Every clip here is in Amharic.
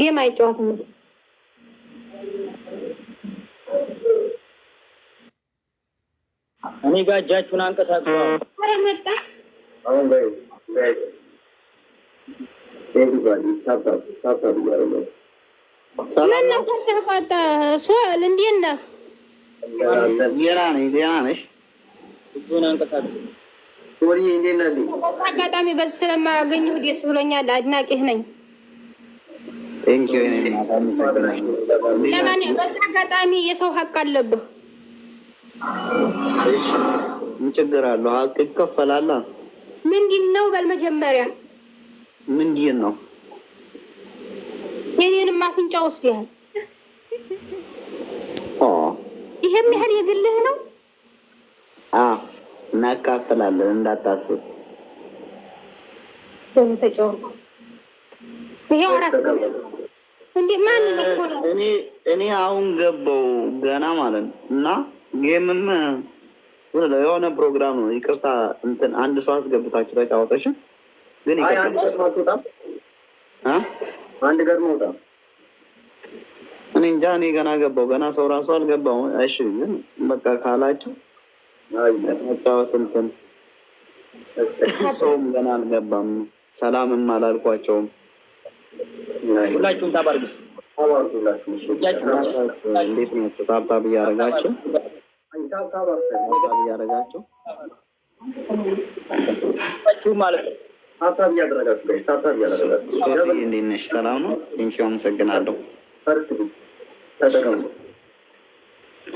ጌም አይጫወትም። እኔ ጋ እጃችሁን አንቀሳቅሱ። ኧረ መጣ አሁን አጋጣሚ በዚህ ስለማገኘሁ ደስ ብሎኛል። አድናቂህ ነኝ። በዛ አጋጣሚ የሰው ሀቅ አለብህ። ምን ችግር አለው? ሀቅ ይከፈላል። ምንድን ነው በል መጀመሪያ ምንድን ነው? የኔንም አፍንጫ ወስደሃል። ይሄም ያህል የግልህ ነው። እናካፍላለን እንዳታስብ። ይሄው አራት እኔ አሁን ገባው ገና ማለት ነው። እና ጌምም የሆነ ፕሮግራም ነው። ይቅርታ እንትን አንድ ሰው አስገብታችሁ ተጫወተች፣ ግን አንድ ገር መውጣ እኔ እንጃ፣ እኔ ገና ገባው ገና ሰው ራሱ አልገባው። እሺ፣ ግን በቃ ካላችሁ መጫወት እንትን ሰውም ገና አልገባም፣ ሰላምም አላልኳቸውም። ሁላችሁም ታባርጉ ስ እንዴት ናቸው? ታብታብ እያደረጋቸው ታብታብ እያደረጋቸው ማለት ነው። እንዴት ነሽ? ሰላም ነው። ቴንኪ አመሰግናለሁ።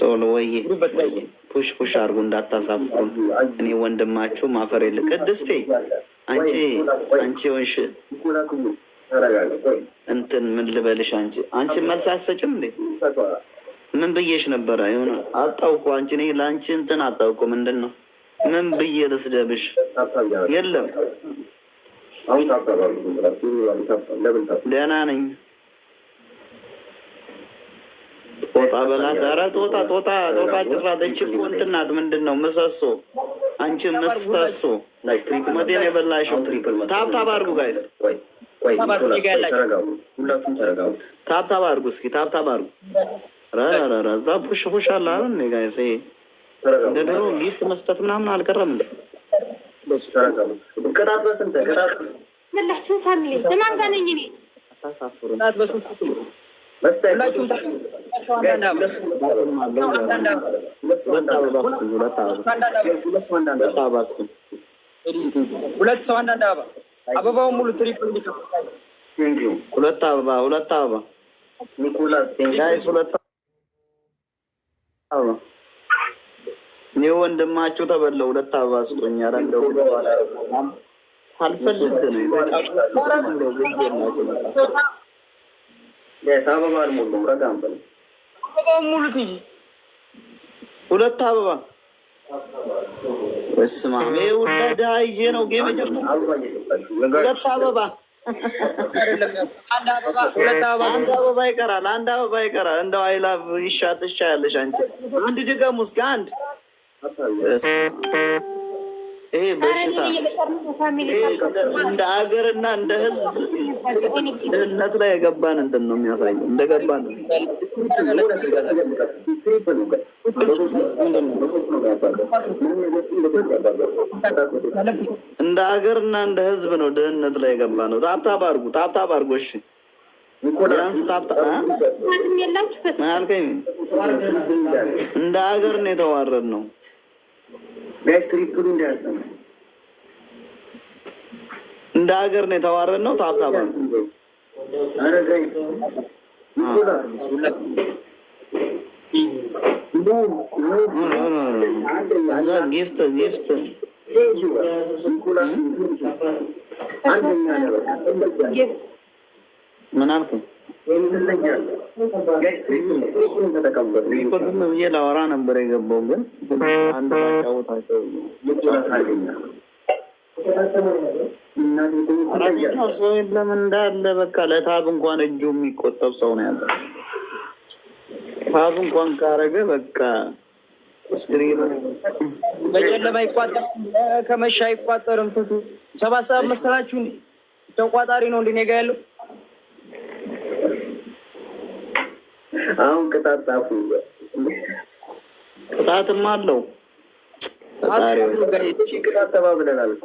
ሶሎ ወዬ ፑሽ ፑሽ አድርጉ እንዳታሳፍሩን። እኔ ወንድማችሁ ማፈሬል ቅድስቴ አንቺ አንቺ ወንሽ እንትን ምን ልበልሽ? አንቺ አንቺ መልስ አትሰጭም እንዴ? ምን ብዬሽ ነበረ? ሆነ አጣውኩ አንቺ እኔ ለአንቺ እንትን አጣውኩ። ምንድን ነው? ምን ብዬ ልስደብሽ? የለም ደህና ነኝ። ጦጣ በላት። ኧረ ጦጣ ጦጣ ጦጣ ጭራት። አንቺ እኮ እንትን ናት። ምንድን ነው ምሰሶ? አንቺ ምሰሶ። ሞቴን የበላሽው። ታብታብ አድርጉ ጋይስ ታብታብ አድርጉ እስኪ ታብታብ አድርጉ። አለ እንደ ድሮ ጊፍት መስጠት ምናምን አልቀረም። ቅጣት በስንት ቅጣት ፋሚሊ ለማን ጋር ነኝ እኔ አታሳፍሩ። ቅጣት በስንት ሁለት ሰው አንዳንድ አበባ አበባው ሙሉ ትሪፕል ሁለት አበባ ሁለት አበባ ኒኮላስ ጋይስ ሁለት አበባ እኔ ወንድማችሁ ተበለ ሁለት አበባ ስጦኝ። ኧረ እንደው ሳልፈልግ ነው አበባ ሁለት አበባ እስማ ውለዳ ድሃ ይዤ ነው ጌም ሁለት አበባ አንድ አበባ ይቀራል። አንድ አበባ ይቀራል። እንደው አይላቭ ይሻ ትሻ አንቺ አንድ ድገሙ እስከ አንድ ይሄ በሽታ እንደ ሀገርና እንደ ህዝብ ድህነት ላይ የገባን እንትን ነው የሚያሳየው። እንደገባን እንደ አገር እና እንደ ህዝብ ነው ድህነት ላይ የገባ ነው። ታብታብ አድርጉ፣ ታብታብ አድርጉ። እሺ ቢያንስ ታብታብ እንደ ሀገር ነው የተዋረድ ነው ቢያይስትሪፕሉ እንዳያልፈ እንደ ሀገር ነው የተዋረን ነው ታብታባ ጊፍት ጊፍት ምን አልከኝ? ብዬ ላወራ ነበር የገባው ግን አንድ ሰው የለም እንዳለ በቃ ለታብ እንኳን እጁ የሚቆጠብ ሰው ነው ያለ። ታብ እንኳን ካረገ በቃ በጨለማ ከመሻ አይቋጠርም። ሰባት ሰዓት መሰላችሁ ተቋጣሪ ነው እንደ ያለው አሁን ቅጣት ጻፉ። ቅጣትም አለው ቅጣት ተባብለናል እኮ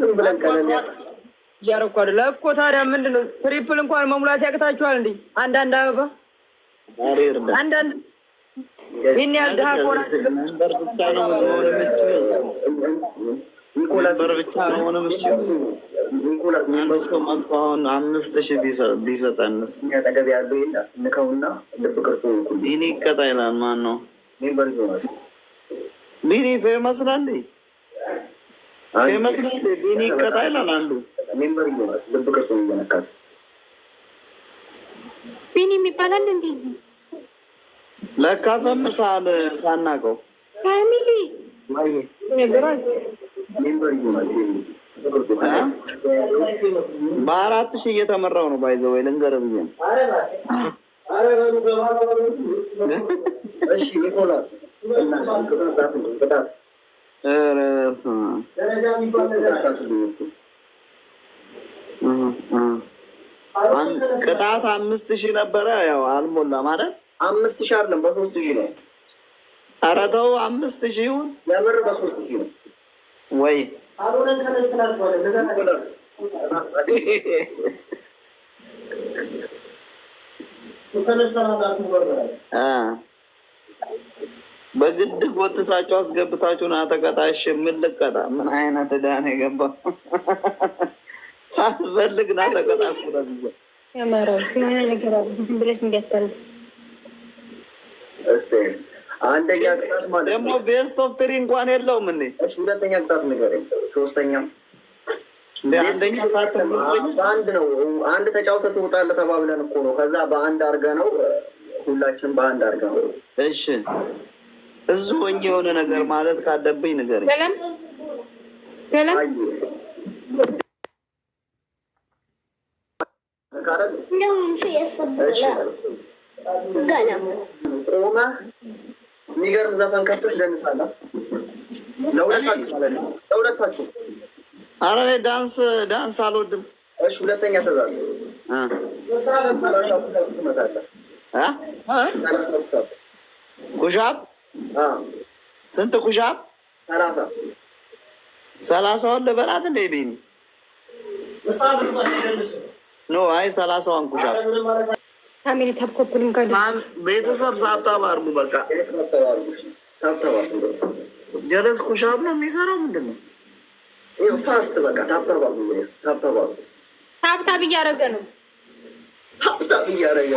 ዝም ብለን እያደረኩ አይደለ እኮ። ታዲያ ምንድን ነው ትሪፕል እንኳን መሙላት ያቅታችኋል? እንዲ አንዳንድ አበባ አንዳንድ ይህን ያህል ድሃ ሆና አምስት ሺህ ቢሰጠንስ ጠገብ ያለው የለ ንከውና ልብ ቅርጡ ቢኒ ይቀጣ ይላል። ማን ነው ቢኒ? ፌመስ ናል ፌመስ ናል ቢኒ ይቀጣ ይላል። አንዱ ቢኒ የሚባላል እንደዚህ ለካ ፈምሳል ሳናቀው ፋሚሊ በአራት ሺህ እየተመራው ነው። ባይዘው ወይ ልንገርህ ብዬ ነው። ቅጣት አምስት ሺህ ነበረ። ያው አልሞላ ማለት አምስት ሺህ አለም በሶስት ሺህ ነው። ኧረ ተው አምስት ሺህ ይሁን የምር በሶስት ሺህ ነው። ወይ በግድ ጎትታችሁ አስገብታችሁ ና ተቀጣሽ። ምን ልቀጣ? ምን አይነት ዕዳ ነው ሳትፈልግ ና ተቀጣ። ያማራ የሆነ ነገር አለ ብለሽ እንዲያታለ አንደኛ ቅጣት ማለት ደግሞ ቤስት ኦፍ ትሪ እንኳን የለውም። እኔ ሁለተኛ ቅጣት ንገረኝ። ሶስተኛ አንደኛ ሰዓት በአንድ ነው። አንድ ተጫውተህ ትውጣለህ ተባብለን እኮ ነው። ከዛ በአንድ አርገ ነው ሁላችን በአንድ አርገ ነው። እሺ እዙ ወኝ የሆነ ነገር ማለት ካለብኝ ንገረኝ። ቆመህ የሚገርም ዘፈን ከፍቶ እንደንሳለን ለሁለታችሁ ማለት ነው። ለሁለታችሁ አረ ዳንስ ዳንስ አልወድም። እሺ ሁለተኛ ትእዛዝ ኩሻብ ስንት ኩሻብ? ሰላሳውን ልበላት እንደ ቤኒ ኖ አይ ሰላሳዋን ኩሻብ ቤተሰብ ሳብታብ አርጉ። በቃ ጀለስ ኩሻብ ነው የሚሰራው። ምንድን ነው ፋስት? በቃ ታብታብ እያደረገ ነው። ታብታብ እያደረገ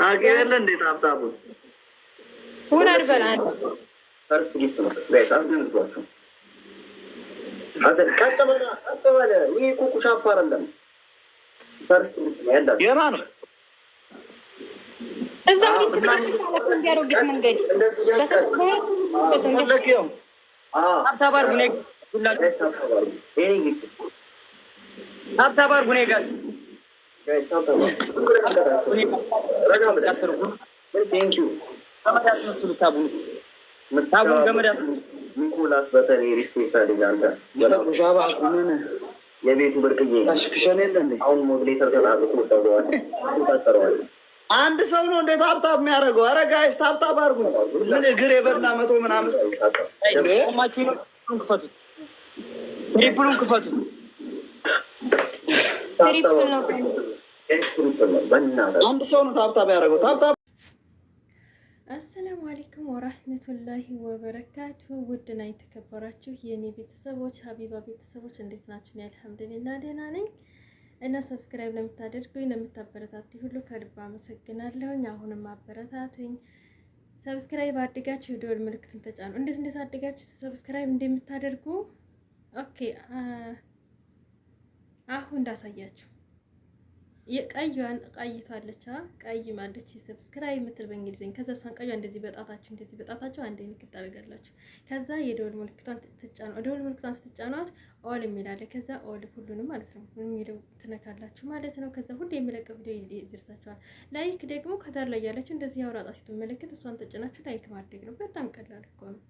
ታውቂያለሽ እንዴ? ታብታቡ ሁነር በላት ፈርስት ጊፍት ነው። አስደንግጧቸው ቀጥ በለ። ይህ ኩሻብ አይደለም የማ ነው እዛው ያሮጌት መንገድ ታባር ጉኔ ታባር ጉኔ ጋስ ገመድ ያስመስሉ የቤቱ ብርቅዬ አሽክሸን የለ አሁን ሞዴሌተር ተጣጥቁ ጠዋል አንድ ሰው ነው እንዴት ሀብታብ የሚያደርገው? አረ ጋይስ ሀብታብ አድርጉ። ምን እግር የበላ መቶ ምናምን ሰው ክፈቱት፣ ትሪፕሉን ክፈቱት። አንድ ሰው ነው ታብታብ ያደረገው ታብታብ አሰላሙ አሌይኩም ወራህመቱላሂ ወበረካቱ። ውድና የተከበራችሁ የእኔ ቤተሰቦች ሀቢባ ቤተሰቦች እንዴት ናችሁ? አልሐምዱሊላ ደህና ነኝ እና ሰብስክራይብ ለምታደርጉኝ ለምታበረታቱ ሁሉ ከልብ አመሰግናለሁኝ። አሁንም አበረታቱኝ። ሰብስክራይብ አድጋችሁ የደወል ምልክቱን ተጫኑ። እንዴት እንዴት አድጋችሁ ሰብስክራይብ እንደምታደርጉ ኦኬ፣ አሁን እንዳሳያችሁ የቀዩን ቀይቷለች ቀይ ማለች ሰብስክራይብ የምትል በእንግሊዝኛ። ከዛ ሳን ቀዩ እንደዚህ በጣታችሁ እንደዚህ በጣታችሁ አንድ ምልክት ታደርጋላችሁ። ከዛ የደወል ምልክቷን ትጫኗ ደወል ምልክቷን ስትጫኗት ኦል የሚላለ ከዛ ኦል ሁሉንም ማለት ነው የሚለው ትነካላችሁ ማለት ነው። ከዛ ሁሉ የሚለቀው ቪዲዮ ይደርሳችኋል። ላይክ ደግሞ ከታር ላይ ያለችው እንደዚህ ያውራጣ ስትመለከት እሷን ተጭናችሁ ላይክ ማድረግ ነው። በጣም ቀላል እኮ ነው።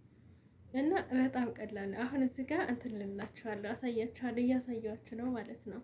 እና በጣም ቀላል አሁን እዚህ ጋር እንትን ልላችኋለሁ፣ አሳያችኋለሁ፣ እያሳያችሁ ነው ማለት ነው።